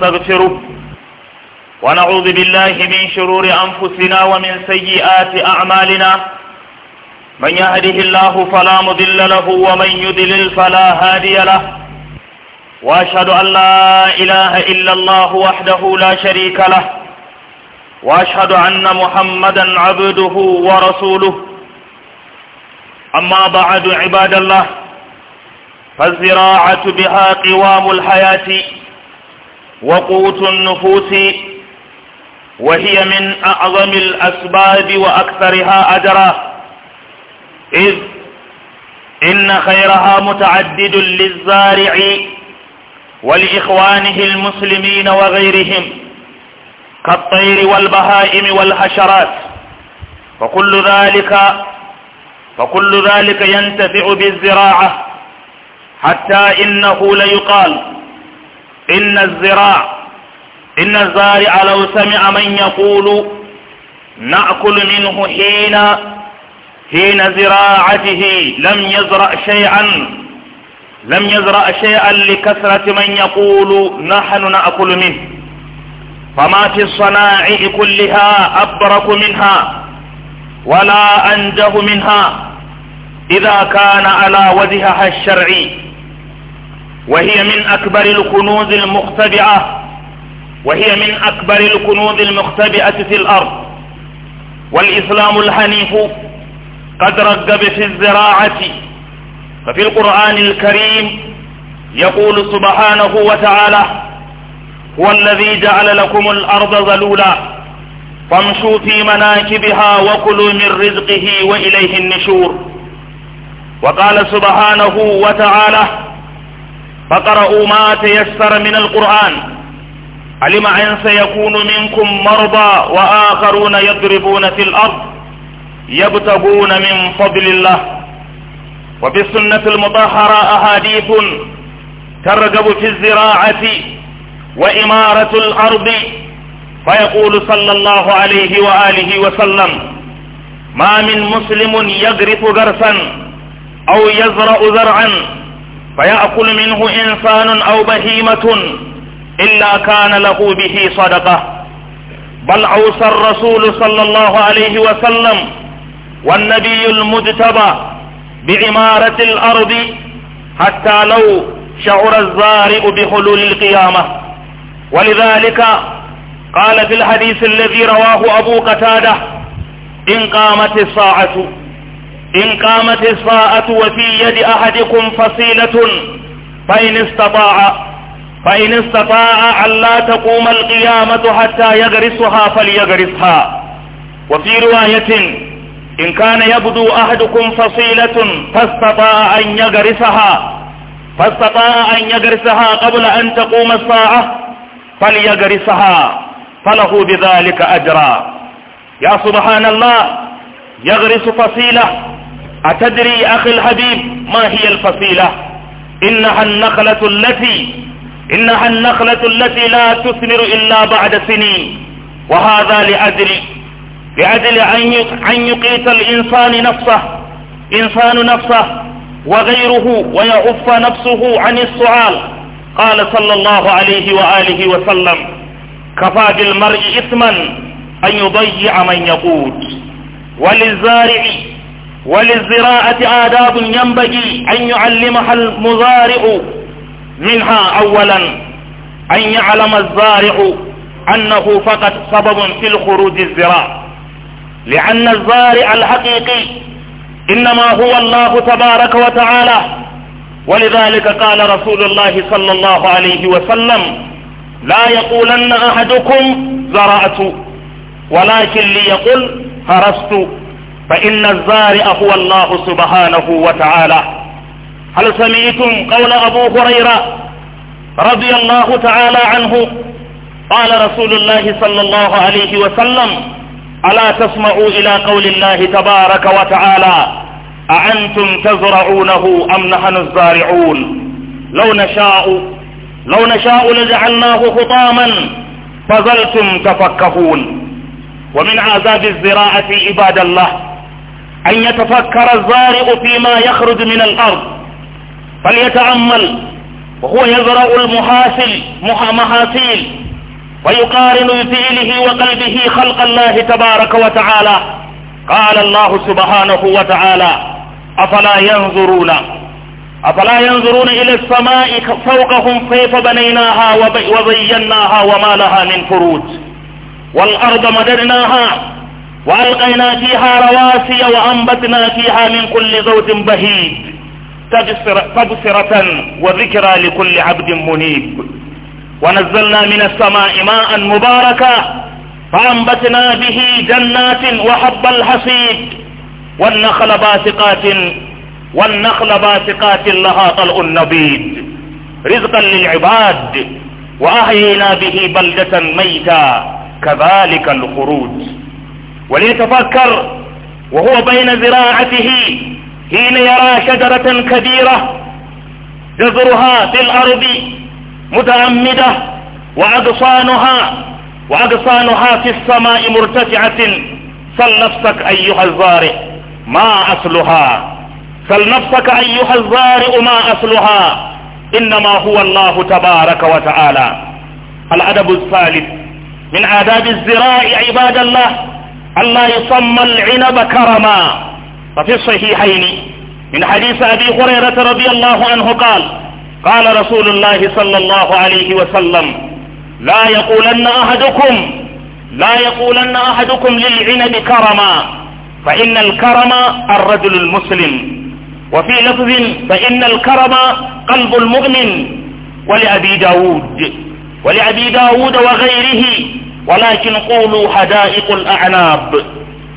ونستغفره ونعوذ بالله من شرور أنفسنا ومن سيئات أعمالنا من يهده الله فلا مضل له ومن يضلل فلا هادي له وأشهد أن لا إله إلا الله وحده لا شريك له وأشهد أن محمدا عبده ورسوله أما بعد عباد الله فالزراعة بها قوام الحياة وقوت النفوس وهي من أعظم الأسباب وأكثرها أجرا إذ إن خيرها متعدد للزارع ولإخوانه المسلمين وغيرهم كالطير والبهائم والحشرات فكل ذلك فكل ذلك ينتفع بالزراعة حتى إنه ليقال إن الزراع إن الزارع لو سمع من يقول نأكل منه حين حين زراعته لم يزرع شيئا لم يزرع شيئا لكثرة من يقول نحن نأكل منه فما في الصناع كلها أبرك منها ولا أنجه منها إذا كان على وجهها الشرعي وهي من أكبر الكنوز المختبئة وهي من أكبر الكنوز المختبئة في الأرض والإسلام الحنيف قد رغب في الزراعة ففي القرآن الكريم يقول سبحانه وتعالى هو الذي جعل لكم الأرض ذلولا فامشوا في مناكبها وكلوا من رزقه وإليه النشور وقال سبحانه وتعالى فقرأوا ما تيسر من القرآن علم أن سيكون منكم مرضى وآخرون يضربون في الأرض يبتغون من فضل الله وفي السنة المطهرة أحاديث ترغب في الزراعة وإمارة الأرض فيقول صلى الله عليه وآله وسلم ما من مسلم يغرف غرسا أو يزرع زرعا فيأكل منه إنسان أو بهيمة إلا كان له به صدقة بل أوصى الرسول صلى الله عليه وسلم والنبي المجتبى بعمارة الأرض حتى لو شعر الزارئ بحلول القيامة ولذلك قال في الحديث الذي رواه أبو قتادة إن قامت الساعة إن قامت الساعة وفي يد أحدكم فصيلة فإن استطاع فإن استطاع ألا تقوم القيامة حتى يغرسها فليغرسها وفي رواية إن كان يبدو أحدكم فصيلة فاستطاع أن يغرسها فاستطاع أن يغرسها قبل أن تقوم الساعة فليغرسها فله بذلك أجرا يا سبحان الله يغرس فصيلة أتدري أخي الحبيب ما هي الفصيلة إنها النخلة التي إنها النخلة التي لا تثمر إلا بعد سنين وهذا لأجل لأجل أن يقيت الإنسان نفسه إنسان نفسه وغيره ويعف نفسه عن السؤال قال صلى الله عليه وآله وسلم كفى بالمرء إثما أن يضيع من يقود وللزارع وللزراعة آداب ينبغي أن يعلمها المزارع منها أولا أن يعلم الزارع أنه فقط سبب في الخروج الزراع لأن الزارع الحقيقي إنما هو الله تبارك وتعالى ولذلك قال رسول الله صلى الله عليه وسلم لا يقولن أحدكم زرعت ولكن ليقل هرست فإن الزارع هو الله سبحانه وتعالى هل سمعتم قول أبو هريرة رضي الله تعالى عنه قال رسول الله صلى الله عليه وسلم ألا تسمعوا إلى قول الله تبارك وتعالى أأنتم تزرعونه أم نحن الزارعون لو نشاء لو نشاء لجعلناه خطاما فظلتم تفكهون ومن عذاب الزراعة عباد الله أن يتفكر الزارع فيما يخرج من الأرض فليتأمل وهو يزرع المحاصل محاصيل ويقارن بفعله وقلبه خلق الله تبارك وتعالى قال الله سبحانه وتعالى أفلا ينظرون أفلا ينظرون إلى السماء فوقهم كيف بنيناها وزيناها وما لها من فروج والأرض مددناها وألقينا فيها رواسي وأنبتنا فيها من كل زوج بهيج تبصرة وذكرى لكل عبد منيب ونزلنا من السماء ماء مباركا فأنبتنا به جنات وحب الحصيد والنخل باسقات والنخل باسقات لها طلع النبيد رزقا للعباد وأحيينا به بلدة ميتا كذلك الخروج وليتفكر وهو بين ذراعته حين يرى شجرة كبيرة جذرها في الأرض متعمدة وأغصانها وأغصانها في السماء مرتفعة سل نفسك أيها الزارئ ما أصلها سل نفسك أيها الزارئ ما أصلها إنما هو الله تبارك وتعالى الأدب الثالث من آداب الزراع عباد الله الله يصم العنب كرما ففي الصحيحين من حديث أبي هريرة رضي الله عنه قال قال رسول الله صلى الله عليه وسلم لا يقولن أحدكم لا يقولن أحدكم للعنب كرما فإن الكرم الرجل المسلم وفي لفظ فإن الكرم قلب المؤمن ولأبي داود ولأبي داود وغيره ولكن قولوا حدائق الأعناب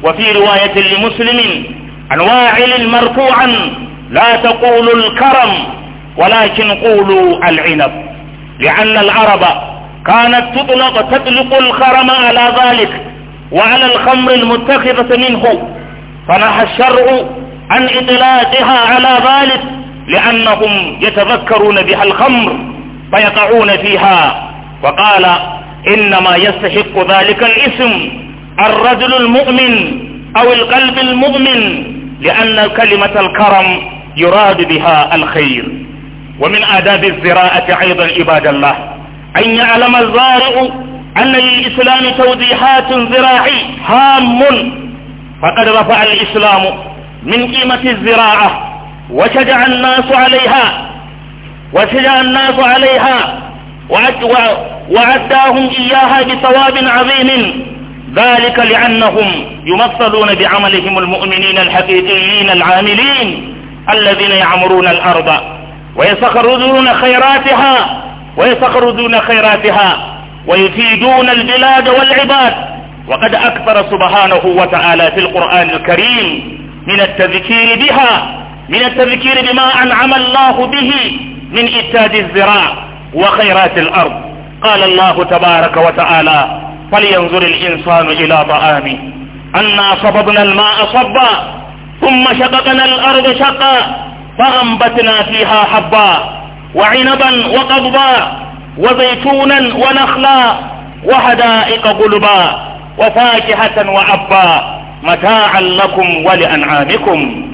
وفي رواية لمسلم عن واعل مرفوعا لا تقولوا الكرم ولكن قولوا العنب لأن العرب كانت تطلق تطلق الخرم على ذلك وعلى الخمر المتخذة منه فنحى الشرع عن إطلاقها على ذلك لأنهم يتذكرون بها الخمر فيقعون فيها وقال إنما يستحق ذلك الاسم الرجل المؤمن أو القلب المؤمن لأن كلمة الكرم يراد بها الخير ومن آداب الزراعة أيضا عباد الله أن يعلم الزارع أن للإسلام توضيحات زراعي هام فقد رفع الإسلام من قيمة الزراعة وشجع الناس عليها وشجع الناس عليها وعداهم إياها بثواب عظيم ذلك لأنهم يمثلون بعملهم المؤمنين الحقيقيين العاملين الذين يعمرون الأرض ويستخرجون خيراتها ويستخرجون خيراتها ويفيدون البلاد والعباد وقد أكثر سبحانه وتعالى في القرآن الكريم من التذكير بها من التذكير بما أنعم الله به من إتاد الزراع وخيرات الأرض قال الله تبارك وتعالى فلينظر الإنسان إلى طعامه أنا صببنا الماء صبا ثم شققنا الأرض شقا فأنبتنا فيها حبا وعنبا وقضبا وزيتونا ونخلا وحدائق قلبا وفاكهة وعبا متاعا لكم ولأنعامكم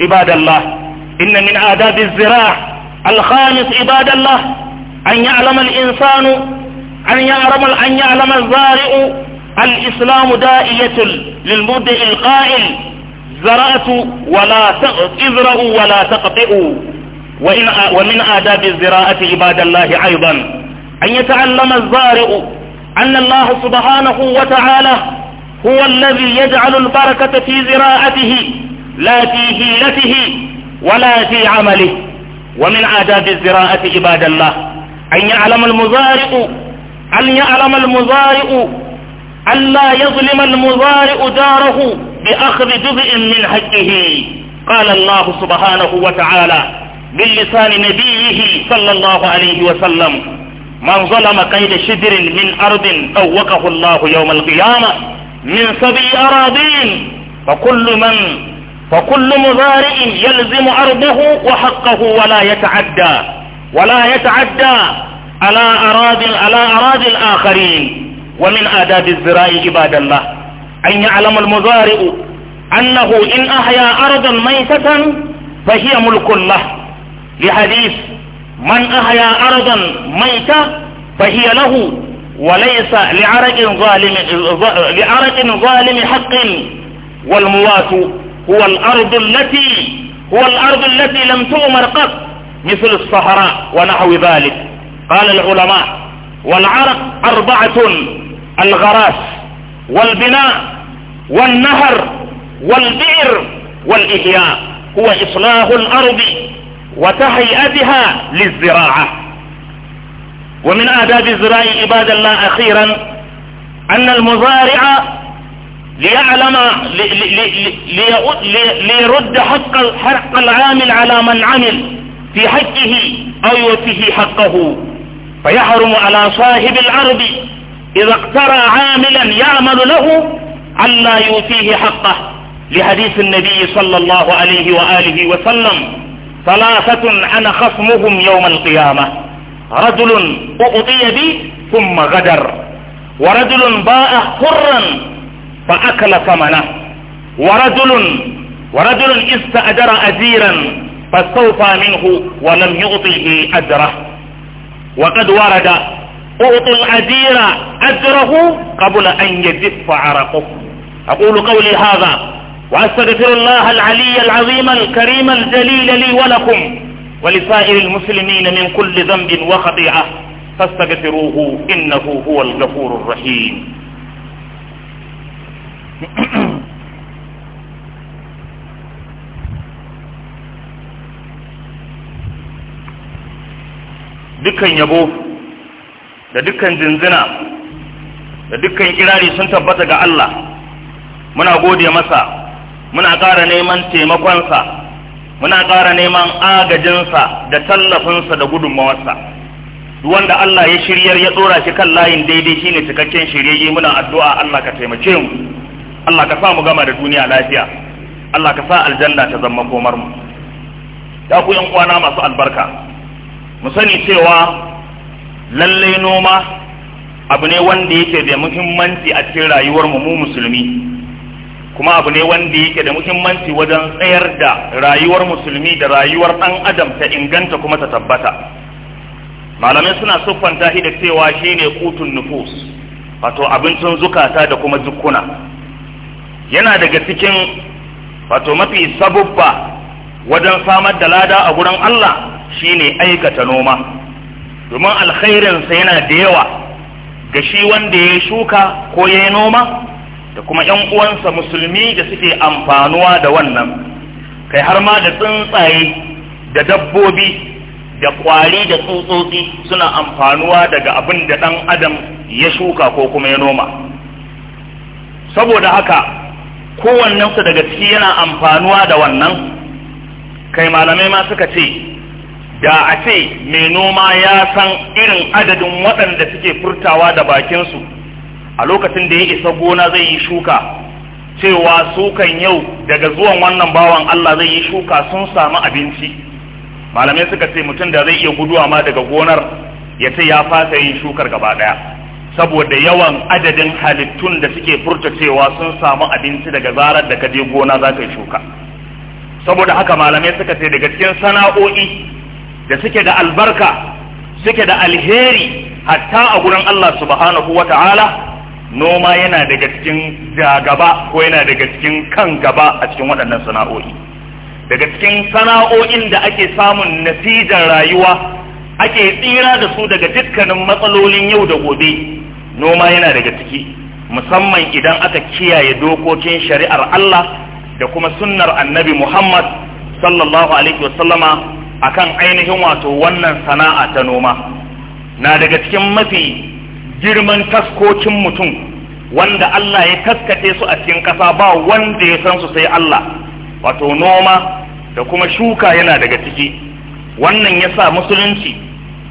عباد الله إن من آداب الزراع الخامس عباد الله أن يعلم الإنسان أن يعلم أن يعلم الزارع الإسلام دائية للمبدئ القائل زرعت ولا ازرعوا ولا تقطئوا وإن ومن آداب الزراعة عباد الله أيضا أن يتعلم الزارع أن الله سبحانه وتعالى هو الذي يجعل البركة في زراعته لا في هيلته ولا في عمله ومن آداب الزراعة عباد الله أن يعلم المضارع أن يعلم المضارع ألا يظلم المضارع داره بأخذ جزء من حقه قال الله سبحانه وتعالى من لسان نبيه صلى الله عليه وسلم من ظلم قيد شدر من أرض طوقه الله يوم القيامة من سبي أراضين فكل من فكل مضارع يلزم أرضه وحقه ولا يتعدى ولا يتعدى على أراضي على أراضي الآخرين ومن آداب الزراع عباد الله أن يعلم المزارع أنه إن أحيا أرضا ميتة فهي ملك له لحديث من أحيا أرضا ميتة فهي له وليس لعرق ظالم لعرق ظالم حق والموات هو الأرض التي هو الأرض التي لم تؤمر قط مثل الصحراء ونحو ذلك قال العلماء والعرق أربعة الغراس والبناء والنهر والبئر والإحياء هو إصلاح الأرض وتهيئتها للزراعة ومن آداب الزراعة عباد الله أخيرا أن المزارع ليعلم ليرد حق العامل على من عمل في حقه أو يوفيه حقه فيحرم على صاحب العرض إذا اقترى عاملا يعمل له ألا يوفيه حقه لحديث النبي صلى الله عليه وآله وسلم ثلاثة أنا خصمهم يوم القيامة رجل أعطي بي ثم غدر ورجل باع حرا فأكل ثمنه ورجل ورجل استأجر أجيرا فاستوفى منه ولم يعطه أجره وقد ورد أعطي الأجير أجره قبل أن يجف عرقه أقول قولي هذا وأستغفر الله العلي العظيم الكريم الجليل لي ولكم ولسائر المسلمين من كل ذنب وخطيئة فاستغفروه إنه هو الغفور الرحيم dukkan yabo da dukkan zinzina da dukkan kirari sun tabbata ga Allah muna gode masa muna ƙara neman taimakonsa muna ƙara neman agajinsa da tallafinsa da gudunmawarsa duk wanda Allah ya shiryar ya tsora shi kan layin daidai shine cikakken shiryayye muna addu'a Allah ka taimake mu Allah ka sa mu gama da duniya lafiya Allah ka sa aljanna ta zama komar mu ya ku yan kwana masu albarka mu sani cewa lallai noma abu ne wanda yake da muhimmanci a cikin rayuwar mu mu musulmi kuma abu ne wanda yake da muhimmanci wajen tsayar da rayuwar musulmi da rayuwar ɗan adam ta inganta kuma ta tabbata malamai suna siffanta shi da cewa shine kutun nufus wato abincin zukata da kuma jukkuna yana daga cikin wato mafi sabubba wajen samar da lada a gurin Allah Shi ne aikata noma domin alkhairinsa yana da yawa ga shi wanda ya shuka ko ya noma da kuma ‘yan uwansa musulmi da suke amfanuwa da wannan kai har ma da tsuntsaye da dabbobi da ƙwari da tsutsotsi suna amfanuwa daga abin da ɗan adam ya shuka ko kuma ya noma saboda haka kowannensu daga ciki yana amfanuwa da wannan kai malamai ma suka ce da a ce mai noma ya san irin adadin waɗanda suke furtawa da bakinsu a lokacin da ya isa gona zai yi shuka cewa sukan yau daga zuwan wannan bawan Allah zai yi shuka sun samu abinci malamai suka ce mutum da zai iya guduwa ma daga gonar ya ce ya fasa yin shukar gaba ɗaya saboda yawan adadin halittun da suke furta cewa sun samu abinci daga zarar da ka je gona za ka yi shuka saboda haka malamai suka ce daga cikin sana'o'i da suke da albarka suke da alheri hatta a gurin Allah subhanahu wa ta'ala noma yana daga cikin jagaba ko yana daga cikin kan gaba a cikin waɗannan sana'o'i daga cikin sana'o'in da ake samun natijar rayuwa ake tsira da su daga dukkanin matsalolin yau da gobe noma yana daga ciki musamman idan aka kiyaye dokokin shari'ar Allah da kuma sunnar annabi Muhammad sallallahu alaihi akan ainihin wato wannan sana'a ta noma na daga cikin mafi girman taskokin mutum wanda Allah ya taskace su a cikin ƙasa ba wanda ya san su sai Allah wato noma da kuma shuka yana daga ciki wannan ya sa musulunci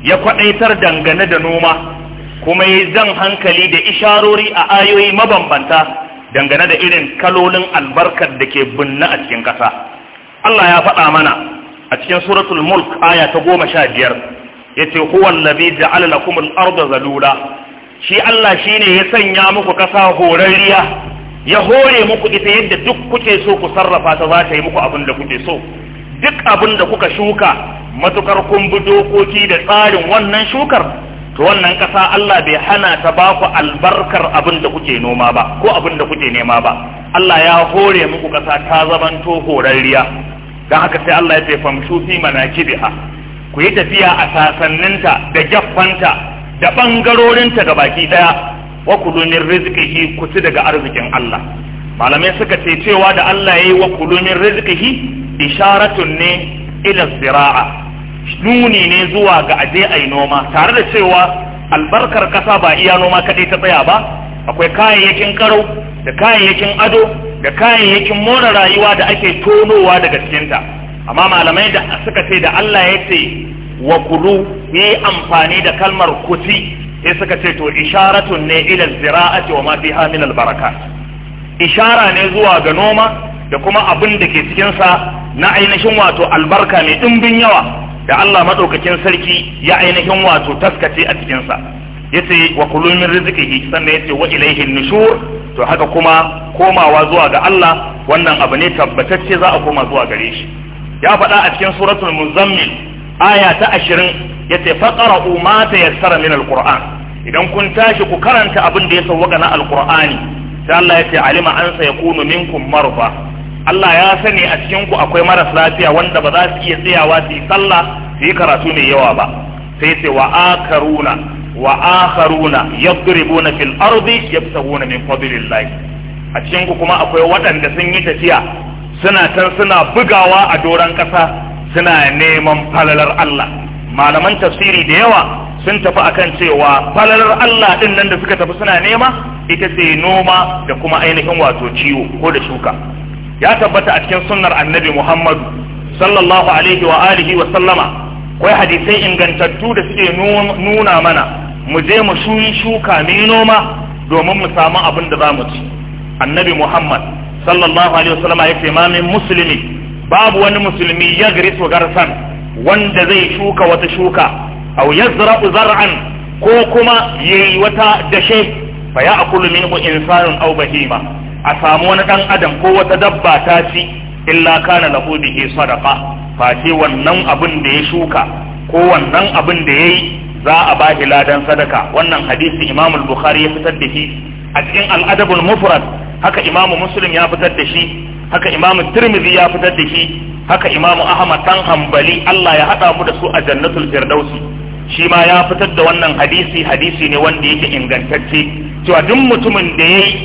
ya kwadaitar dangane da noma kuma ya zan hankali da isharori a ayoyi mabambanta dangane da irin kalolin albarkar da ke binne a cikin ƙasa Allah ya faɗa mana a cikin suratul mulk aya ta goma sha biyar ya ce huwan labi da lakum al-arda zalula shi Allah shine ya sanya muku kasa horarriya ya hore muku ita yadda duk kuke so ku sarrafa ta za ta yi muku abin da kuke so duk abin da kuka shuka matukar kun bi dokoki da tsarin wannan shukar to wannan kasa Allah bai hana ta ba ku albarkar abin da kuke noma ba ko abin da kuke nema ba Allah ya hore muku kasa ta zamanto horarriya don haka sai Allah ya ce famshu fi manakibiha ku yi tafiya a sasanninta da jaffanta da ɓangarorinta ga baki daya wa kulu min ku ci daga arzikin Allah malamai suka ce cewa da Allah yayi wa kulu min rizqihi isharatun ne ila zira'a nuni ne zuwa ga aje ai noma tare da cewa albarkar kasa ba iya noma kaɗai ta tsaya ba akwai kayayyakin karau da kayayyakin ado da kayayyakin more rayuwa da ake tonowa daga cikinta amma malamai da suka ce da Allah ya ce wa kulu yi amfani da kalmar kuti sai suka ce to isharatun ne ila zira'ati wa ma fiha min albaraka ishara ne zuwa ga noma da kuma abin da ke cikin sa na ainihin wato albarka ne dimbin yawa da Allah madaukakin sarki ya ainihin wato taskace a cikin sa yace wa kulumin min rizqihi sannan yace wa ilayhi nushur to haka kuma komawa zuwa ga Allah wannan abu ne tabbatacce za a koma zuwa gare shi ya faɗa a cikin suratul muzammil aya ta 20 yace faqra'u ma tayassara min alquran idan kun tashi ku karanta abin da ya sauwaka na alqur'ani sai Allah ce alima an sayakunu minkum marfa Allah ya sani a cikin ku akwai maras lafiya wanda ba za su iya tsayawa su yi sallah su yi karatu mai yawa ba sai ce wa akaruna wa akharuna yadribuna fil ardi yabtaguna min fadlillah a cikin ku kuma akwai waɗanda sun yi tafiya suna can suna bugawa a doron ƙasa suna neman falalar Allah malaman tafsiri da yawa sun tafi akan cewa falalar Allah din nan da suka tafi suna nema ita ce noma da kuma ainihin wato ciwo ko da shuka ya tabbata a cikin sunnar annabi Muhammad sallallahu alaihi wa alihi wa sallama akwai hadisai ingantattu da suke nuna mana mu je mu shuyi shuka mu noma domin mu samu abin da za mu ci annabi muhammad sallallahu alaihi wasallam ya ce ma min musulmi babu wani musulmi ya grisu garsan wanda zai shuka wata shuka aw yazra'u zar'an ko kuma yayi wata dashe fa ya'kulu minhu insanun aw bahima a samu wani dan adam ko wata dabba ta ci illa kana lahu bihi sadaqa face wannan abin da ya shuka ko wannan abin da ya yi za a ba shi ladan sadaka wannan hadisi imam bukhari ya fitar da shi a cikin al'adabul mufrad haka imam muslim ya fitar da shi haka imam tirmidhi ya fitar da shi haka imam ahmad dan hanbali Allah ya hada mu da su a jannatul firdausi shi ma ya fitar da wannan hadisi hadisi ne wanda yake ingantacce cewa duk mutumin da yayi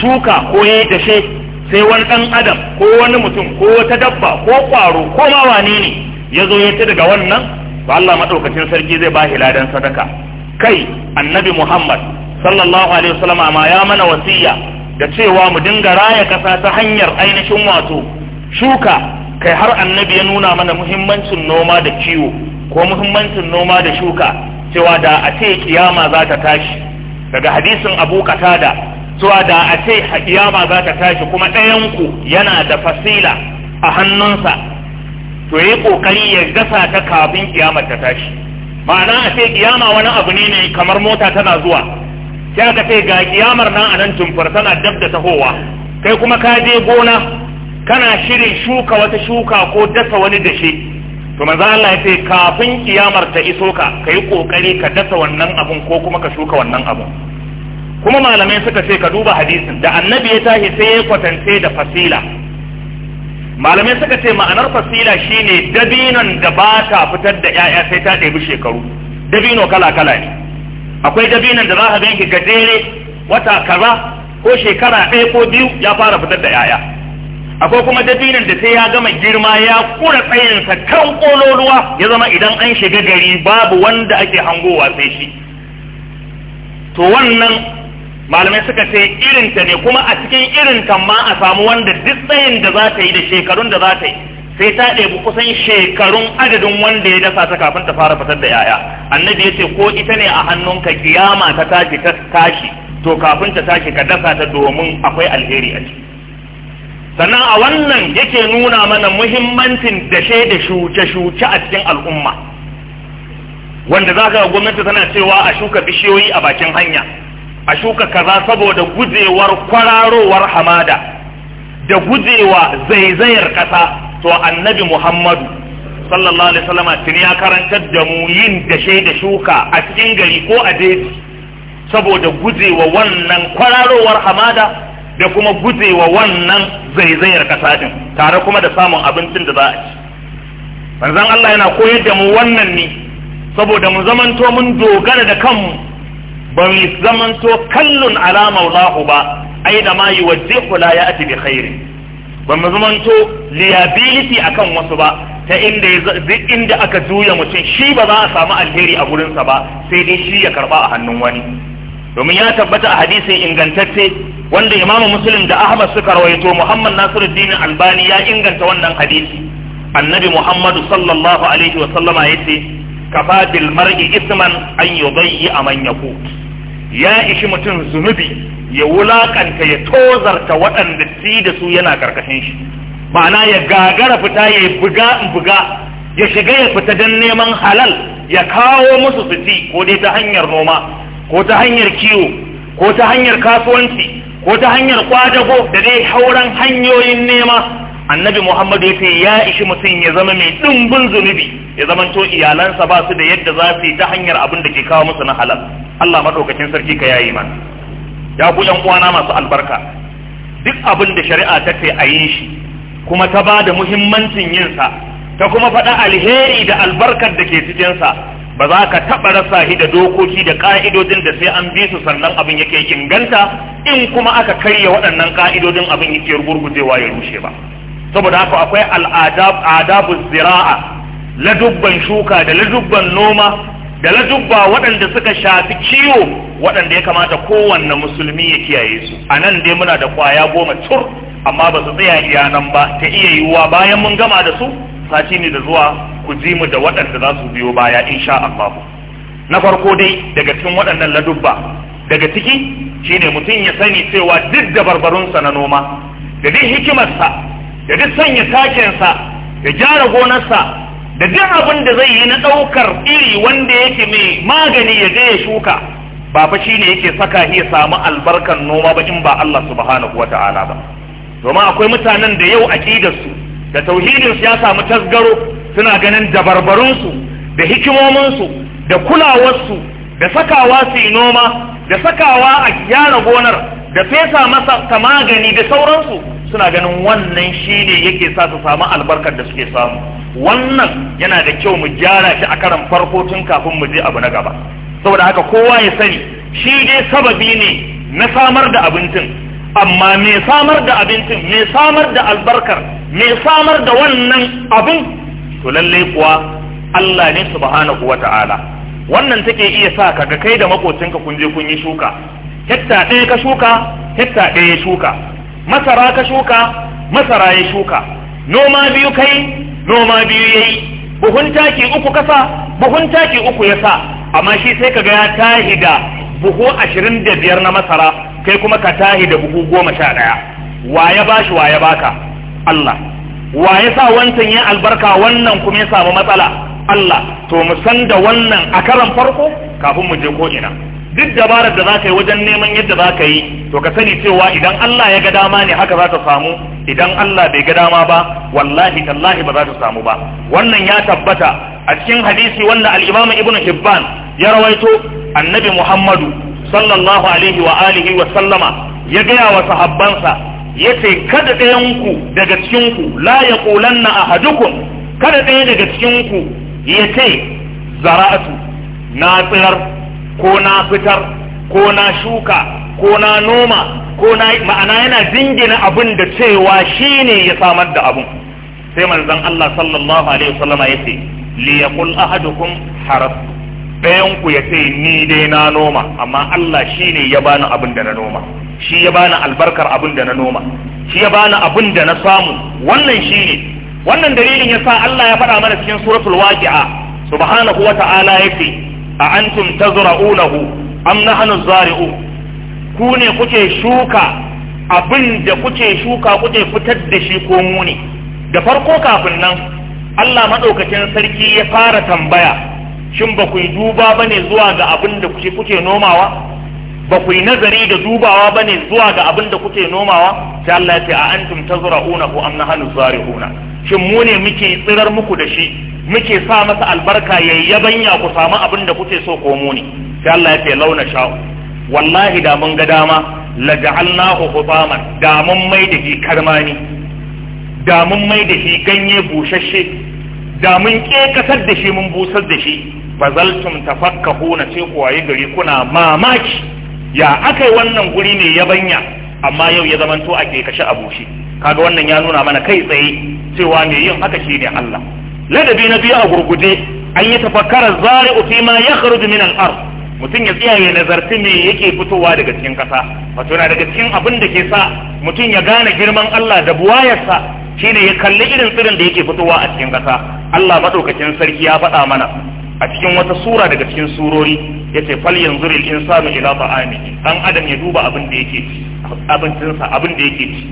shuka ko yayi dashe sai wani ɗan adam ko wani mutum ko wata dabba ko ƙwaro ko ma wane ne ya zo ya ci daga wannan ba Allah maɗaukacin sarki zai ba ladan sadaka kai annabi Muhammad sallallahu alaihi wasallam ma ya mana wasiya da cewa mu dinga raya ƙasa ta hanyar ainihin wato shuka kai har annabi ya nuna mana muhimmancin noma da kiwo ko muhimmancin noma da shuka cewa da a ce kiyama za ta tashi daga hadisin Abu katada zuwa da a ce kiyama za ta tashi kuma ɗayanku yana da fasila a hannunsa to yi ƙoƙari ya gasa ta kafin kiyama ta tashi ma'ana a ce kiyama wani abu ne ne kamar mota tana zuwa sai aka ce ga kiyamar nan a nan tumfar tana dab da tahowa kai kuma ka je gona kana shirin shuka wata shuka ko dasa wani dashe to manzo Allah ya ce kafin kiyamar ta iso ka kai ƙoƙari, ka dasa wannan abun ko kuma ka shuka wannan abun kuma malamai suka ce ka duba hadisin da annabi ya tashi sai ya kwatance da fasila malamai suka ce ma'anar fasila shine dabinon da ba ta fitar da 'ya'ya sai ta ɗebi shekaru dabino kala kala ne akwai dabinon da za ka ganki gajere wata kaza ko shekara ɗaya ko biyu ya fara fitar da 'ya'ya akwai kuma dabinon da sai ya gama girma ya kura tsayinsa kan kololuwa ya zama idan an shiga gari babu wanda ake hangowa sai shi to wannan malamai suka ce irinta ne kuma a cikin irinta ma a samu wanda duk tsayin da za ta yi da shekarun da za ta yi sai ta ɗebi kusan shekarun adadin wanda ya dasa ta kafin ta fara fitar da yaya annabi ya ce ko ita ne a hannunka kiyama ta tashi ta tashi to kafin ta tashi ka dasa ta domin akwai alheri a ciki sannan a wannan yake nuna mana muhimmancin dashe da shuce-shuce a cikin al'umma wanda za ka gwamnati tana cewa a shuka bishiyoyi a bakin hanya a shuka kaza saboda gujewar kwararowar hamada da gujewa zaizayar kasa to annabi muhammadu sallallahu alaihi wasallam tun ya karantar da mu yin dashe da shuka a cikin gari ko a daji saboda gujewa wannan kwararowar hamada da kuma gujewa wannan zaizayar kasa din tare kuma da samun abincin da za a ci manzon Allah yana koyar da mu wannan ne saboda mu zamanto mun dogara da kanmu ba mai zamanto kallon ala maulahu ba ai da ma yi waje kula ya ati bi khairi ba mu zamanto liability akan wasu ba ta inda inda aka juya mutum shi ba za a samu alheri a gurinsa ba sai dai shi ya karba a hannun wani domin ya tabbata a hadisin ingantacce wanda imamu muslim da ahmad suka rawaito muhammad nasiruddin albani ya inganta wannan hadisi annabi muhammadu sallallahu alaihi wa sallama yace kafa bil mar'i isman an yudayyi man yakut ya ishi mutum zunubi ya wulakanta ya tozarta waɗanda si da su yana karkashin shi ma'ana ya gagara fita ya buga in buga ya shiga ya fita don neman halal ya kawo musu su ci ko dai ta hanyar noma ko ta hanyar kiwo ko ta hanyar kasuwanci ko ta hanyar kwadago da dai hauran hanyoyin nema annabi muhammadu ya ce ya ishi mutum ya zama mai ɗumbin zunubi ya zamanto iyalansa ba su da yadda za su yi ta hanyar abin da ke kawo musu na halal Allah madaukakin sarki ka yayi mana ya ku yan uwana masu albarka duk abin da shari'a ta kai a yi shi kuma ta ba da muhimmancin yin sa ta kuma faɗa alheri da albarkar da ke cikin sa ba za ka taɓa rasa shi da dokoki da ƙa'idodin da sai an bi su sannan abin yake inganta in kuma aka karya waɗannan ƙa'idodin abin yake gurgujewa ya rushe ba saboda haka akwai al'adabu zira'a ladubban shuka da ladubban noma da dubba waɗanda suka shafi kiwo waɗanda ya kamata kowanne musulmi ya kiyaye su a nan dai muna da kwaya goma tur amma ba su tsaya iya nan ba ta iya yiwuwa bayan mun gama da su sati ne da zuwa ku ji mu da waɗanda za su biyo baya insha Allah na farko dai daga cikin waɗannan ladubba daga ciki shine mutum ya sani cewa duk da barbarunsa na noma da duk hikimarsa da duk sanya takensa da gyara gonarsa da duk abin da zai yi na ɗaukar iri wanda yake mai magani ya je ya shuka ba fa ne yake saka shi ya samu albarkan noma ba in ba Allah subhanahu Ta'ala ba domin akwai mutanen da yau aqidarsu da tauhidin su ya samu tasgaro suna ganin dabarbarun su da hikimomin su da kulawar su da sakawa su yi noma da sakawa a gyara gonar da fesa masa ta magani da sauransu suna ganin wannan shi ne yake sa su samu albarkar da suke samu wannan yana da kyau mu gyara shi a karan farko tun kafin mu je abu na gaba saboda haka kowa ya sani shi dai sababi ne na samar da abincin amma me samar da abincin me samar da albarkar me samar da wannan abin to lalle kuwa Allah ne subhanahu wata'ala wannan take iya sa ka ga kai da makocinka kun je kun yi shuka hekta ɗaya ka shuka hekta ɗaya ya shuka masara ka shuka masara ya shuka noma biyu kai noma biyu ya yi buhun taki uku kasa buhun taki uku ya sa amma shi sai ka ga ya tahi da buhu ashirin da biyar na masara kai kuma ka tahi da buhu goma sha ɗaya wa ya bashi wa ya baka Allah wa ya sa wancan ya albarka wannan kuma ya samu matsala Allah to mu san da wannan a karan farko kafin mu je ko ina duk dabarar da za ka yi wajen neman yadda za ka yi to ka sani cewa idan Allah ya ga dama ne haka za ta samu idan Allah bai ga dama ba wallahi tallahi ba za ta samu ba wannan ya tabbata a cikin hadisi wanda al-Imam Ibn Hibban ya rawaito annabi Muhammadu sallallahu alaihi wa alihi wa sallama ya gaya wa sahabbansa yace kada ɗayan ku daga cikin ku la yaqulanna ahadukum kada ɗaya daga cikin ku yace zara'atu na tsirar ko na fitar ko na shuka ko na noma ko na ma'ana yana jingina abin da cewa shine ya samar da abun sai manzon Allah sallallahu alaihi ya ce li yaqul ahadukum harastu ɗayan ku ya ce ni dai na noma amma Allah shi ne ya bani abin da na noma shi ya bani albarkar abin da na noma shi ya bani abin da na samu wannan shi wannan dalilin ya sa Allah ya faɗa mana cikin suratul waqi'a subhanahu wa ta'ala ya ce a antum tazra'unahu am nahnu zari'u ku ne kuke shuka abin da kuke shuka kuke fitar da shi ko mu ne da farko kafin nan Allah madaukakin sarki ya fara tambaya shin ba ku yi duba bane zuwa ga abin da kuke kuke nomawa ba ku yi nazari da dubawa bane zuwa ga abin da kuke nomawa sai Allah ya ce a antum tazra'unahu am nahnu zari'una shin mu ne muke tsirar muku da shi muke sa masa albarka ya yabanya ku samu abin da kuke so ko mu ne sai Allah ya ce launa sha'u wallahi da mun ga dama la ja'alnahu hutaman da mun mai da shi karmani da mun mai da shi ganye bushashe da mun kasar da shi mun busar da shi fazaltum tafakkahuna ce ku waye gari kuna mamaki ya akai wannan guri ne yabanya amma yau ya zamanto a kashe a bushe kaga wannan ya nuna mana kai tsaye cewa mai yin haka ne Allah ladabi na biyu a gurguje an yi tafakkara zari'u fi ma yakhruju min al-ard mutum ya tsaya ya nazarci me yake fitowa daga cikin kasa wato na daga cikin abin da ke sa mutum ya gane girman Allah da buwayarsa shine ya kalli irin tsirin da yake fitowa a cikin kasa Allah madaukakin sarki ya faɗa mana a cikin wata sura daga cikin surori yace fal yanzuru al-insanu ila ta'amihi an adam ya duba abin da yake ci abincinsa abin da yake ci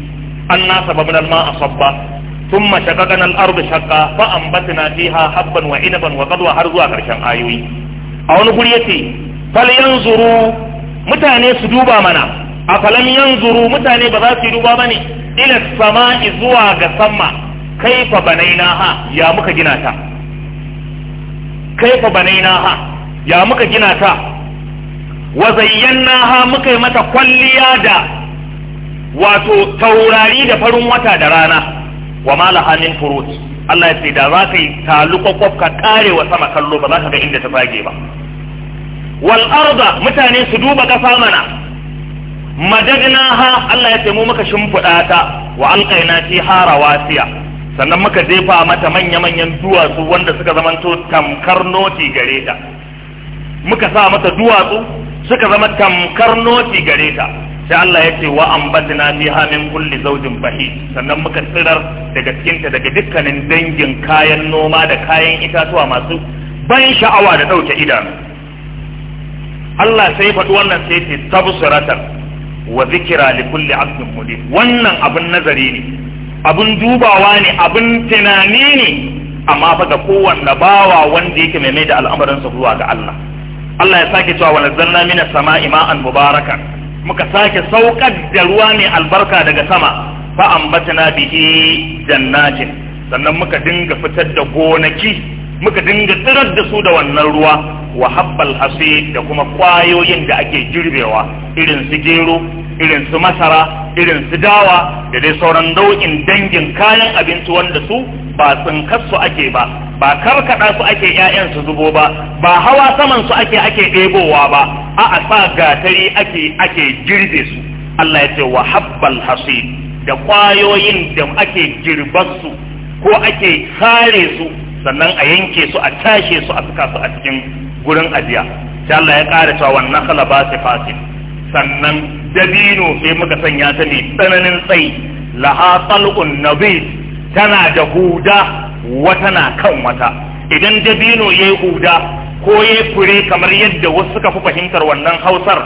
an na sababin ma a ثم شققنا الارض شقا فانبتنا فيها حبا وعنبا وقضوا هرزوا كرشان آيوي أو نقول يتي فلينظروا متاني سدوبا منا افلم ينظروا متاني بذا سدوبا بني الى السماء زوا غسما كيف بنيناها يا مكا جناتا كيف بنيناها يا مكا جناتا وزيناها مك متى كل يادا وتوراري دفرون وتا درانا wa ma laha min furuj Allah ya ce da za ka yi talu kwakwaf ka kare wa sama kallo ba za ka ga inda ta fage ba wal arda mutane su duba kasa mana ha Allah ya ce mu muka shimfiɗa ta wa alqaina fiha rawasiya sannan muka jefa mata manya-manyan duwatsu wanda suka zamanto tamkar noti gare ta muka sa mata duwatsu suka zama tamkar noti gare ta sai Allah ya ce wa ambatna fiha min kulli zawjin bahi sannan muka tsirar daga cikinta daga dukkanin dangin kayan noma da kayan itatuwa masu ban sha'awa da dauke idanu Allah sai faɗi wannan sai ce tabsiratan wa zikira li kulli abdin wannan abun nazari ne abun dubawa ne abun tunani ne amma fa ga kowanne bawa wanda yake mai mai da al'amarin sa zuwa ga Allah Allah ya sake cewa wa nazzalna minas sama'i ma'an mubarakan muka sake saukar da ruwa mai albarka daga sama fa na bihi jannatin sannan muka dinga fitar da gonaki muka dinga tsirar da su da wannan ruwa wa habbal hasi da kuma kwayoyin da ake girbewa irin su gero irin su masara irin su dawa da dai sauran nau'in dangin kayan abinci wanda su ba tsinkar su ake ba ba karkada su ake ƴaƴan su zubo ba ba hawa saman su ake ake ɗebowa ba a a sa gatari ake ake girbe su Allah ya ce wa habbal hasid da kwayoyin da ake girbar su ko ake sare su sannan a yanke su a tashe su a suka su a cikin gurin ajiya sai Allah ya ƙara cewa wannan khala ba fasil sannan dabino sai muka sanya ta ne tsananin tsayi laha talqun nabis tana da huda wata na kan wata idan dabino ya yi huda ko ya yi fure kamar yadda wasu suka fi fahimtar wannan hausar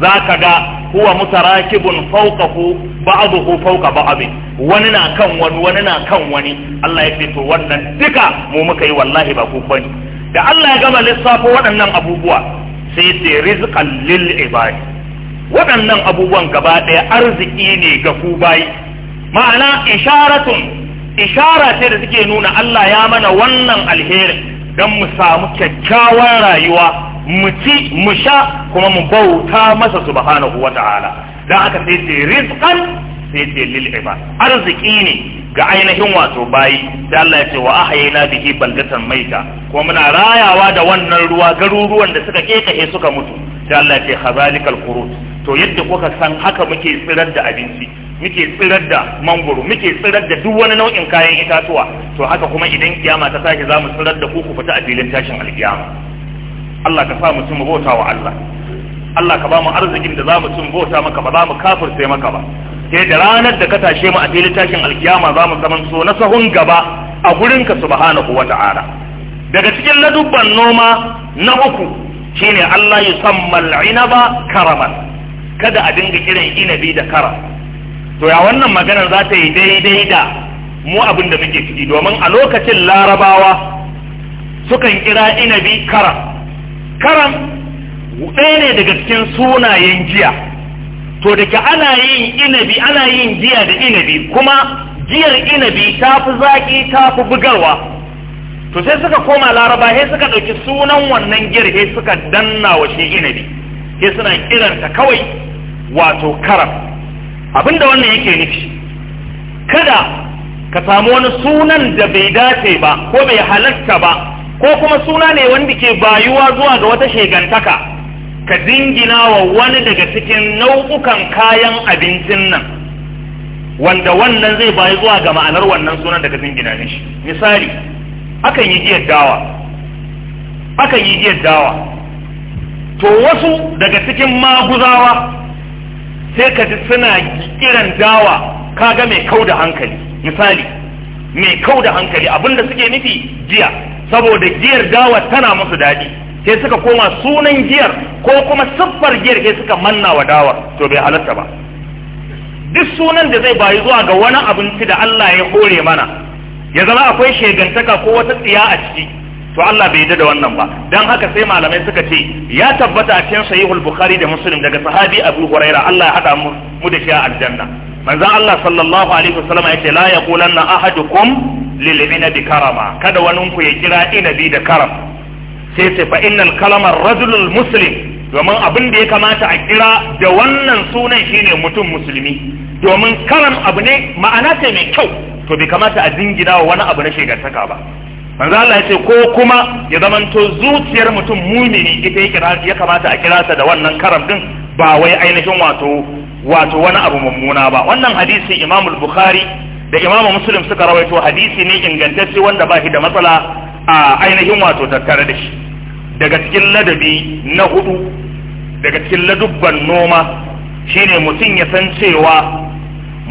za ka ga huwa mutarakibun fawqahu ba'dahu fawqa ba'd wani na kan wani wani na kan wani Allah ya to wannan duka mu muka yi wallahi ba ku bane da Allah ya gama lissafo waɗannan abubuwa sai ce rizqan lil ibadi waɗannan abubuwan gaba ɗaya arziki ne ga ku bayi ma'ana isharatun ishara ce da suke nuna Allah ya mana wannan alherin don mu samu kyakkyawar rayuwa mu ci mu sha kuma mu bauta masa subhanahu wa ta'ala don aka sai ce rizqan sai ce lil ibad arziki ne ga ainihin wato bayi da Allah ya ce wa ahayna bihi baldatan maita kuma muna rayawa da wannan ruwa garuruwan da suka kekahe suka mutu da Allah ya ce khazalikal qurut to yadda kuka san haka muke tsirar da abinci muke tsirar da mangoro muke tsirar da duk wani nau'in kayan itatuwa to haka kuma idan kiyama ta tashi zamu tsirar da ku fita a filin tashin alkiyama Allah ka sa mu cin bauta wa Allah Allah ka ba mu arzikin da zamu cin bauta maka ba zamu kafirce maka ba sai da ranar da ka tashe mu a filin tashin alkiyama zamu zaman so na sahun gaba a gurin ka subhanahu wa ta'ala daga cikin ladubban noma na uku shine Allah ya yusammal inaba karaman kada a dinga kiran inabi da karam to ya wannan maganar za ta yi daidai da mu abin da muke ciki domin a lokacin larabawa sukan kira inabi karam karam ɗaya ne daga cikin sunayen jiya. to da ana yin inabi ana yin jiya da inabi kuma jiyar inabi ta fi zaƙi ta fi bugarwa to sai suka koma laraba sai suka ɗauki sunan wannan giyar sai suka danna wa shi inabi sai suna kiranta kawai wato karam abinda wannan yake nufi kada ka samu wani sunan da bai dace ba ko bai halatta ba ko kuma suna ne wanda ke bayuwa zuwa ga wata shegantaka ka dingina wa wani daga cikin nau'ukan kayan abincin nan wanda wannan zai bayu zuwa ga ma'anar wannan sunan da ka dingina mishi misali akan yi giyar dawa akan yi giyar dawa to wasu daga cikin maguzawa sai ka ji suna kiran dawa kaga mai kau da hankali misali mai kau da hankali abinda suke nufi jiya, saboda giyar dawa tana musu daɗi sai suka koma sunan giyar ko kuma siffar giyar sai suka manna wa dawa to bai halatta ba duk sunan da zai bayi zuwa ga wani abinci da Allah ya hore mana ya zama akwai shegantaka ko wata tsiya a ciki to Allah bai yarda da wannan ba dan haka sai malamai suka ce ya tabbata a cikin sahihul bukhari da muslim daga sahabi abu huraira Allah ya hada mu da shi a aljanna manzon Allah sallallahu alaihi wasallam yace la yaqulanna ahadukum lil inabi karama kada wani ku ya kira inabi da karam sai ce fa innal kalama rajulul muslim domin abin da ya kamata a kira da wannan sunan shine mutum musulmi domin karam abu ne ma'ana ce mai kyau to bai kamata a jingina wa wani abu na shegar saka ba manzo Allah yace ko kuma ya zamanto zuciyar mutum mumini ita yake ya kamata a kira ta da wannan karam din ba wai ainihin wato wato wani abu mummuna ba wannan hadisi Imam al-Bukhari da Imam Muslim suka rawaito hadisi ne ingantacce wanda ba shi da matsala a ainihin wato tattare da shi daga cikin ladabi na hudu daga cikin ladubban noma shine mutum ya san cewa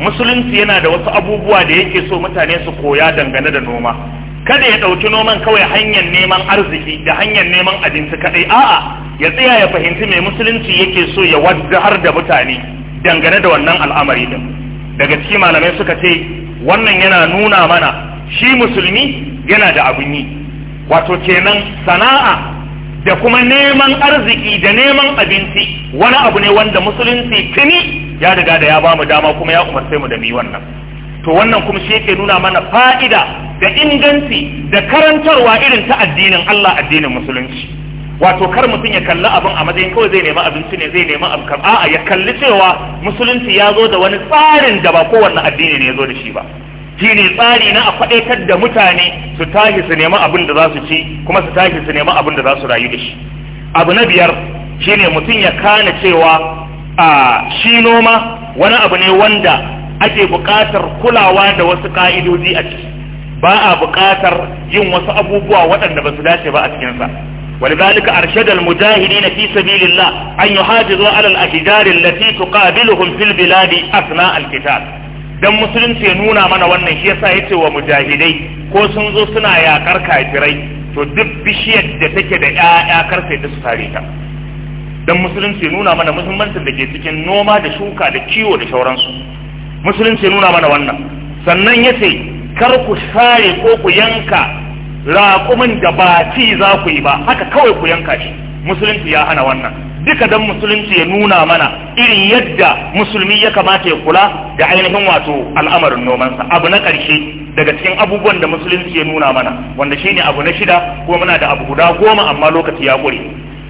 musulunci yana da wasu abubuwa da yake so mutane su koya dangane da noma kada ya ɗauki noman kawai hanyar neman arziki da hanyar neman abinci kaɗai a'a ya tsaya ya fahimci mai musulunci yake so ya wajahar da mutane dangane da wannan al'amari din daga ciki malamai suka ce wannan yana nuna mana shi musulmi yana da abun yi wato kenan sana'a da kuma neman arziki da neman abinci wani abu ne wanda musulunci tuni ya riga da ya bamu dama kuma ya umarce mu da mu wannan to wannan kuma shi yake nuna mana fa'ida da inganci da karantarwa irin ta addinin Allah addinin musulunci wato kar mutum ya kalli abin a matsayin kawai zai nema abinci ne zai nema abu a'a ya kalli cewa musulunci ya zo da wani tsarin da ba kowanne addini ne ya zo da shi ba shine tsari na a faɗaitar da mutane su tashi su nema abin da za su ci kuma su tashi su nema abin da za su rayu da shi abu na biyar shine mutum ya kana cewa a shi noma wani abu ne wanda ake buƙatar kulawa da wasu ƙa'idodi a ciki ba a buƙatar yin wasu abubuwa waɗanda ba su dace ba a cikinsa ولذلك أرشد المجاهدين في سبيل الله أن يحافظوا على الأشجار التي تقابلهم في البلاد أثناء القتال dan musulunci ya nuna mana wannan shi yasa yace wa mujahidai ko sun zo suna yakar kafirai to duk bishiyar da take da ƴaƴa karfe da su sare ta dan nuna mana muhimmancin da ke cikin noma da shuka da da nuna mana wannan sannan yace kar ku sare ko ku yanka raƙumin da ba ci za ku yi ba haka kawai ku yanka shi musulunci ya hana wannan duka dan musulunci ya nuna mana irin yadda musulmi ya kamata ya kula da ainihin wato al'amarin nomansa abu na ƙarshe daga cikin abubuwan da musulunci ya nuna mana wanda shine abu na shida kuma muna da abu guda goma amma lokaci ya ƙure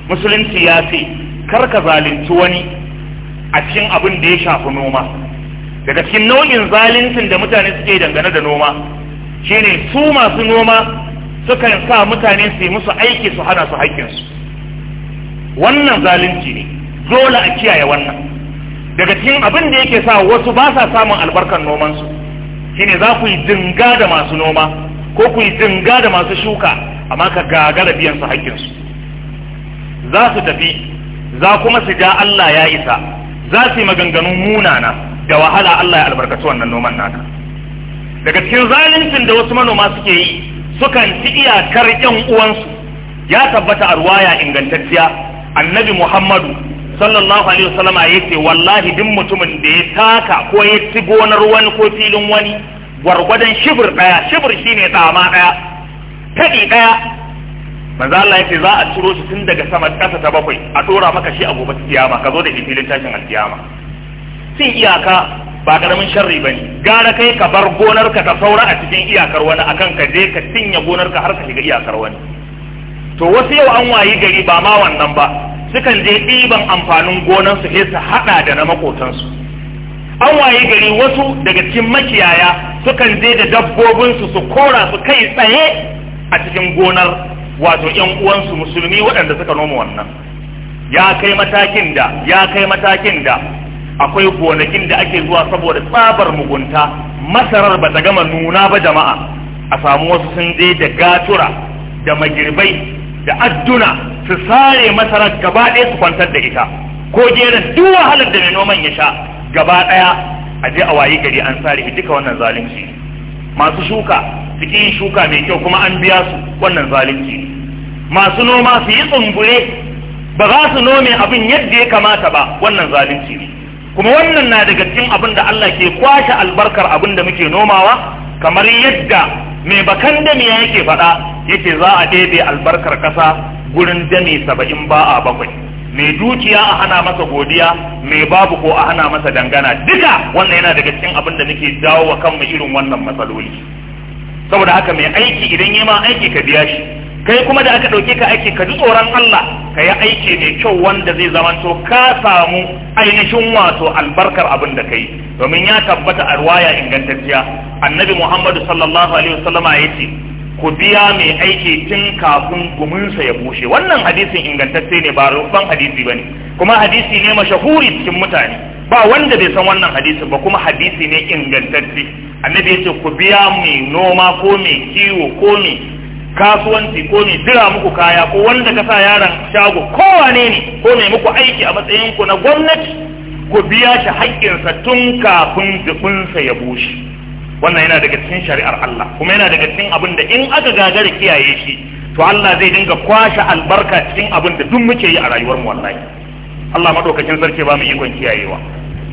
musulunci ya ce kar ka zalunci wani a cikin abin da ya shafi noma daga cikin nau'in zaluncin da mutane suke dangane da noma shine su masu noma sukan sa mutane su yi musu aiki su hana su haƙƙinsu wannan zalunci ne dole a kiyaye wannan daga cikin abin da yake sa wasu ba sa samun albarkar nomansu shine za ku yi dinga da masu noma ko ku yi dinga da masu shuka amma ka gagara biyan su haƙƙinsu za su tafi za kuma su ja Allah ya isa za su yi maganganu munana da wahala Allah ya albarkaci wannan noman naka daga cikin zaluncin da wasu manoma suke yi sukan ci iyakar yan uwansu ya tabbata a ruwaya ingantacciya annabi Muhammadu sallallahu alaihi wasallama ce, wallahi duk mutumin da ya taka ko ya ci gonar wani ko filin wani gwargwadon shibir ɗaya, shibir shine tsama daya taɗi daya manzo Allah ya ce za a ciro shi tun daga sama ƙasa ta bakwai a dora maka shi a gobe kiyama ka zo da filin tashin alkiyama sai iyaka ba karamin sharri bane gara kai ka bar gonarka ta saura a cikin iyakar wani akan ka je ka cinye gonarka har ka shiga iyakar wani to wasu yau an wayi gari ba ma wannan ba sukan je ɗiban amfanin gonarsu sai su haɗa da na makotansu an wayi gari wasu daga cikin makiyaya sukan je da dabbobinsu su kora su kai tsaye a cikin gonar wato 'yan uwansu musulmi waɗanda suka noma wannan ya kai matakin da ya kai matakin da akwai gonakin da ake zuwa saboda tsabar mugunta masarar ba ta gama nuna ba jama'a a samu wasu sun je da gatura da magirbai da adduna su sare masarar gaba ɗaya su kwantar da ita ko gera duk wahalar da mai noman ya sha gaba ɗaya a je a wayi gari an sare duka wannan zalunci masu shuka su yin shuka mai kyau kuma an biya su wannan zalunci masu noma su yi tsumbure ba za su nome abin yadda ya kamata ba wannan zalunci ne kuma wannan na daga cikin abin da Allah ke kwashe albarkar abin da muke nomawa kamar yadda mai bakan ya yake faɗa yake za a ɗebe albarkar ƙasa gurin dame saba'in ba a bakwai mai dukiya a hana masa godiya mai babu ko a hana masa dangana duka wannan yana daga cikin abin da muke jawo wa kanmu irin wannan matsaloli saboda haka mai aiki idan yi ma aiki ka biya shi kai kuma da aka ɗauke ka aiki ka ji tsoron Allah ka yi aiki mai kyau wanda zai zamanto ka samu ainihin wato albarkar abin da ka yi domin ya tabbata a ruwaya ingantacciya annabi muhammadu sallallahu alaihi wasallama ya ce ku biya mai aiki tun kafin guminsa ya bushe wannan hadisin ingantacce ne ba rufan hadisi ba ne kuma hadisi ne mashahuri cikin mutane ba wanda bai san wannan hadisin ba kuma hadisi ne ingantacce annabi ya ce ku biya mai noma ko mai kiwo ko mai kasuwanci ko mai jira muku kaya ko wanda ka sa yaron shago kowane ne ko mai muku aiki a matsayin ku na gwamnati ku biya shi haƙƙinsa tun kafin jikinsa ya bushe wannan yana daga cikin shari'ar Allah kuma yana daga cikin abin da in aka gagara kiyaye shi to Allah zai dinga kwashe albarka cikin abin da duk muke yi a rayuwar mu wallahi Allah madaukakin sarki ba mu yi ikon kiyayewa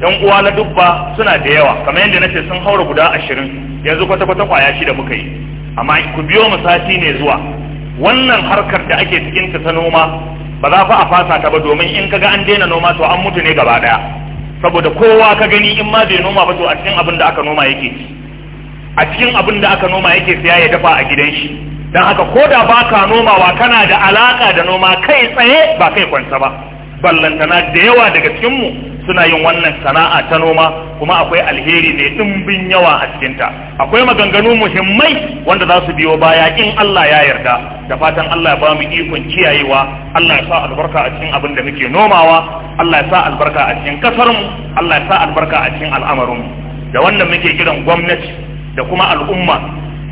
yan uwa na dubba suna da yawa kamar yadda nace sun haura guda ashirin yanzu kwata kwata kwaya shi da muka yi amma ku biyo mu sati ne zuwa wannan harkar da ake cikin ta noma ba za fa a fasa ta ba domin in kaga an daina noma to an mutu ne gaba daya saboda kowa ka gani in ma bai noma ba to a cikin abin da aka noma yake a cikin abin da aka noma yake siya ya dafa a gidan shi dan haka ko da ba ka nomawa kana da alaka da noma kai tsaye ba kai kwanta ba ballantana da yawa daga cikin mu suna yin wannan sana'a ta noma kuma akwai alheri mai dimbin yawa a cikinta akwai maganganu muhimmai wanda za su biyo baya in Allah ya yarda da fatan Allah ya ba mu ikon kiyayewa Allah ya sa albarka a cikin abin da muke nomawa Allah ya sa albarka a cikin mu Allah ya sa albarka a cikin al'amarin da wannan muke kiran gwamnati da kuma al'umma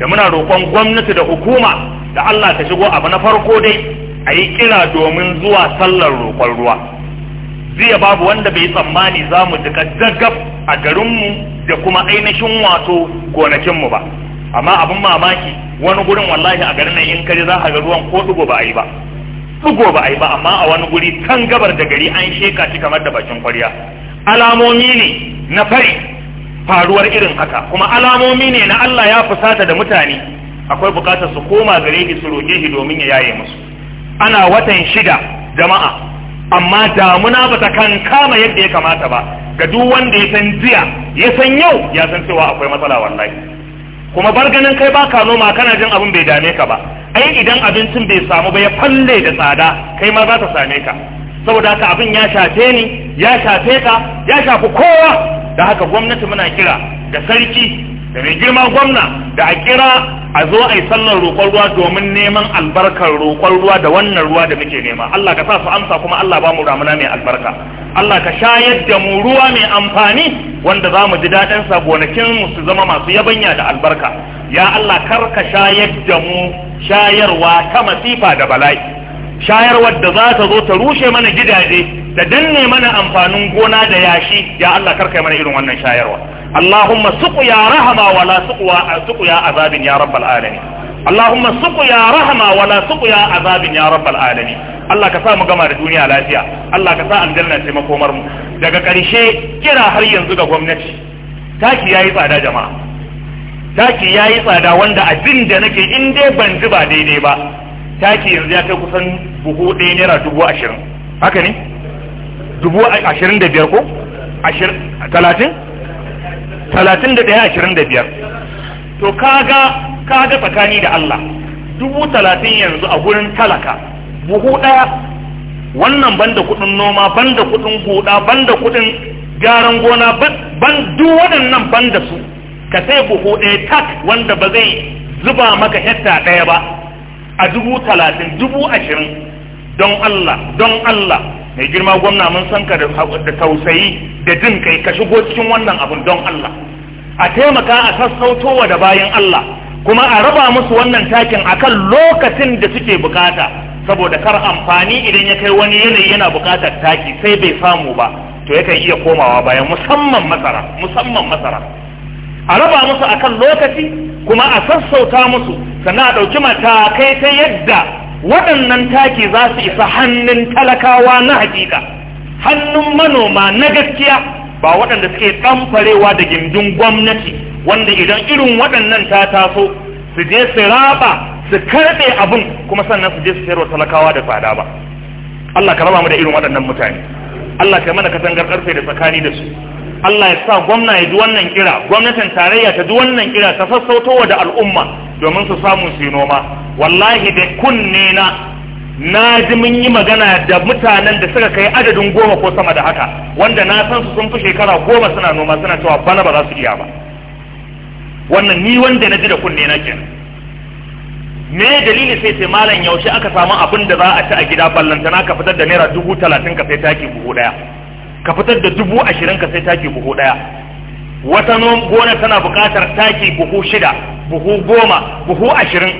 da muna roƙon gwamnati da hukuma da Allah ta shigo abu na farko dai a yi kira domin zuwa sallar roƙon ruwa jiya babu wanda bai tsammani za mu jika jagab a garinmu da kuma ainihin wato gonakinmu ba amma abin mamaki wani gurin wallahi a garin nan in kare za a ga ruwan ko dugo ba a yi ba dugo ba a yi ba amma a wani guri kan gabar da gari an sheka shi kamar da bakin kwarya alamomi ne na fari faruwar irin haka kuma alamomi ne na Allah ya fusata da mutane akwai bukatar su koma gare shi su roke shi domin ya yaye musu ana watan shida jama'a amma damuna ba ta kan kama yadda ya kamata ba ga duk wanda ya san jiya ya san yau ya san cewa akwai matsala wallahi kuma bar ganin kai baka noma kana jin abin bai dame ka ba ai idan abincin bai samu ba ya falle da tsada kai ma za ta same ka saboda ka abin ya shafe ni ya shafe ka ya shafi kowa da haka gwamnati muna kira da sarki da mai girma gwamna da a kira a zo a yi sallar roƙon ruwa domin neman albarkar roƙon ruwa da wannan ruwa da muke nema Allah ka sa su amsa kuma Allah ba mu ramuna mai albarka Allah ka shayar da mu ruwa mai amfani wanda za mu ji daɗin sa gonakin mu su zama masu yabanya da albarka ya Allah kar ka shayar da mu shayarwa ta masifa da bala'i shayarwar da za ta zo ta rushe mana gidaje da danne mana amfanin gona da yashi ya Allah kar ka yi mana irin wannan shayarwa اللهم سقيا رحما ولا سقوا سقيا عذاب يا رب العالمين اللهم سقيا رحما ولا سقيا عذاب يا رب العالمين Allah ka sa mu gama da duniya lafiya Allah ka sa aljanna ce makomar mu daga ƙarshe kira har yanzu ga gwamnati taki yayi tsada jama'a taki yayi tsada wanda abin da nake in dai ban ji ba daidai ba taki yanzu ya kai kusan buhu ɗaya naira dubu ashirin haka ne dubu ashirin da biyar ko ashirin talatin talatin da ɗaya ashirin da biyar to kaga kaga tsakani da Allah dubu talatin yanzu a gurin talaka buhu ɗaya wannan banda kuɗin noma banda kuɗin buɗa banda kuɗin gyaran gona ban duk waɗannan banda su ka sai buhu ɗaya tak wanda ba zai zuba maka hekta ɗaya ba a dubu talatin dubu ashirin don Allah don Allah mai girma gwamna mun san ka da tausayi da jin kai ka shigo cikin wannan abun don Allah a taimaka a sassautowa da bayan Allah kuma a raba musu wannan takin akan lokacin da suke bukata saboda kar amfani idan ya kai wani yanayi yana bukatar taki sai bai samu ba to yakan iya komawa bayan musamman masara musamman masara a raba musu akan lokaci kuma a sassauta musu sannan a ɗauki matakai ta yadda waɗannan taki za su isa hannun talakawa na hakika hannun manoma na gaskiya ba waɗanda suke ɗamfarewa da gindin gwamnati wanda idan irin waɗannan ta taso su je su raba su karɓe abin kuma sannan su je su sayarwa talakawa da tsada ba Allah ka raba mu da irin waɗannan mutane Allah ka mana katangar ƙarfe da tsakani da su Allah ya sa gwamna ya ji wannan kira gwamnatin tarayya ta ji wannan kira ta sassautowa da al'umma domin su samu su yi noma wallahi da kunne na na ji mun yi magana da mutanen da suka kai adadin goma ko sama da haka wanda na san su sun fi shekara goma suna noma suna cewa bana ba za su iya ba wannan ni wanda na ji da kunne na kenan me dalili sai sai malam yaushe aka samu abin da za a ci a gida ballantana ka fitar da naira dubu talatin ka sai taki buhu daya ka fitar da dubu ashirin ka sai taki buhu daya wata gona tana buƙatar taki buhu shida buhu goma buhu ashirin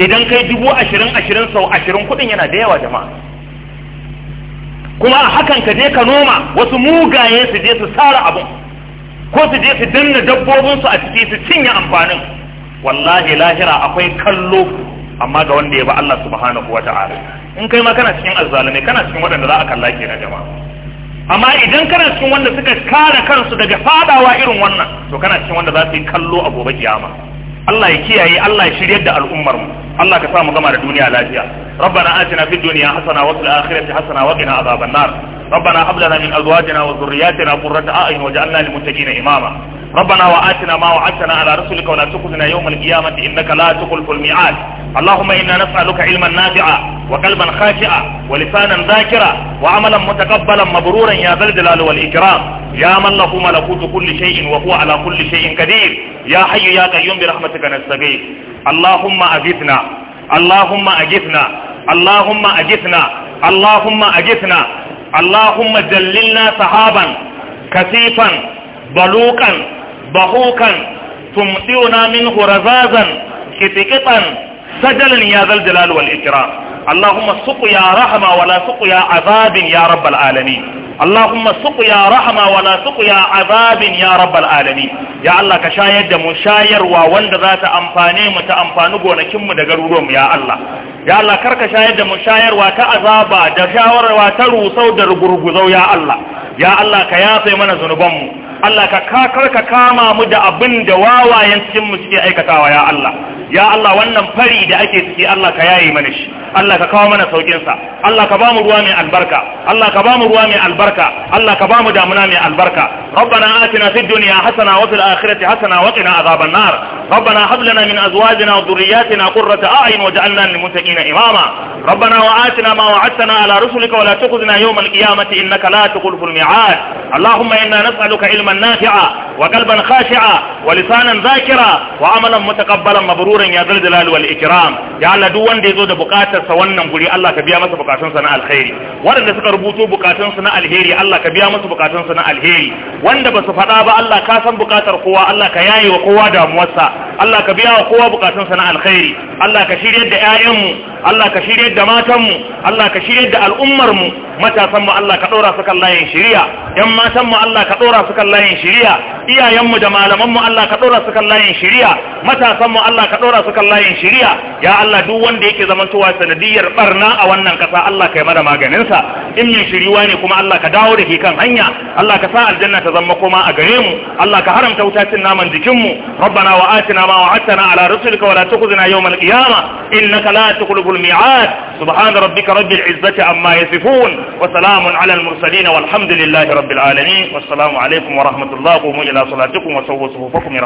idan kai dubu ashirin ashirin sau ashirin kuɗin yana da yawa jama'a kuma a hakan ka je ka noma wasu mugaye su je su tsara abun ko su je su danna dabbobinsu a ciki su cinye amfanin wallahi lahira akwai kallo amma ga wanda ya ba Allah subhanahu wata'ala in kai ma kana cikin azzalume kana cikin waɗanda za a kalla ke na jama'a amma idan kana cikin wanda suka kare kansu daga fadawa irin wannan to kana cikin wanda za su yi kallo a gobe kiyama Allah ya kiyaye Allah ya shiryar da al'ummar mu Allah ka sa mu gama da duniya lafiya rabbana atina fid dunya hasana wa fil akhirati hasana wa qina adhaban nar rabbana hab lana min azwajina wa dhurriyyatina qurrata a'yun waj'alna lil muttaqina imama ربنا وآتنا ما وعدتنا على رسلك ولا تخزنا يوم القيامة إنك لا تخلف الميعاد اللهم إنا نسألك علما نافعا وقلبا خاشعا ولسانا ذاكرا وعملا متقبلا مبرورا يا ذا الجلال والإكرام يا من له ملكوت كل شيء وهو على كل شيء قدير يا حي يا قيوم برحمتك نستغيث اللهم أجثنا اللهم أجثنا اللهم أجثنا اللهم أجثنا اللهم جللنا سحابا كثيفا بلوكا بهوكا تمطئنا منه رزازا كتكتا سجلا يا ذا الجلال والإكرام اللهم سقيا رحمة ولا سقيا عذاب يا رب العالمين Allahumma suqya rahama wa la suqya azabin ya rabbal alamin ya Allah ka shayar da mu shayarwa wanda za ta amfane mu ta amfani gonakin mu da garuruwan mu ya Allah ya Allah kar ka shayar da mu shayarwa ta azaba da shawarwa ta rusau da gurguzau ya Allah ya Allah ka yafe mana zunuban mu Allah ka kakar ka kama mu da abin da wawayen cikin mu suke aikatawa ya Allah ya Allah wannan fari da ake ciki Allah ka yaye mana shi Allah ka kawo mana saukin sa Allah ka bamu ruwa mai albarka Allah ka bamu ruwa mai albarka Allah ka bamu damuna mai albarka ربنا آتنا في الدنيا حسنة وفي الآخرة حسنة وقنا azaban nar. ربنا هب لنا من أزواجنا وذرياتنا قرة أعين وجعلنا للمتقين إماما ربنا وآتنا ما وعدتنا على رسلك ولا تخذنا يوم القيامة إنك لا تخلف الميعاد اللهم إنا نسألك علما نافعا وقلبا خاشعا ولسانا ذاكرا وعملا متقبلا مبرورا يا ذا الجلال والإكرام يا الله دو wanda yazo da bukatar sa wannan guri Allah ka biya masa bukatun sa na alkhairi wanda suka rubuto bukatun sa na alheri Allah ka biya masa bukatun sa na alheri wanda ba su faɗa ba Allah ka san bukatar kowa Allah ka yaye wa kowa damuwarsa Allah ka biya wa kowa bukatunsa na alkhairi Allah ka shiryar da 'ya'yanmu Allah ka shiryar da matanmu Allah ka shiryar da al'ummarmu matasanmu Allah ka ɗora su kan layin shirya ‘yan matanmu Allah ka ɗora su kan layin shirya iyayenmu da malamanmu Allah ka ɗora su kan layin shirya matasanmu Allah ka ɗora su kan layin shirya ya Allah duk wanda yake zamantowa sanadiyar barna a wannan ƙasa Allah ka yi mana maganinsa in min shiriwa ne kuma Allah ka dawo da ke kan hanya Allah ka sa aljanna ta zama koma a gare mu Allah ka haramta wuta cin naman jikinmu rabbana wa atina ma wa'adtana ala rusulika wa la tukhzina yawmal qiyamah innaka la tukhlifu الميعاد سبحان ربك رب العزة عما يصفون وسلام على المرسلين والحمد لله رب العالمين والسلام عليكم ورحمة الله قوموا إلى صلاتكم وسووا صفوفكم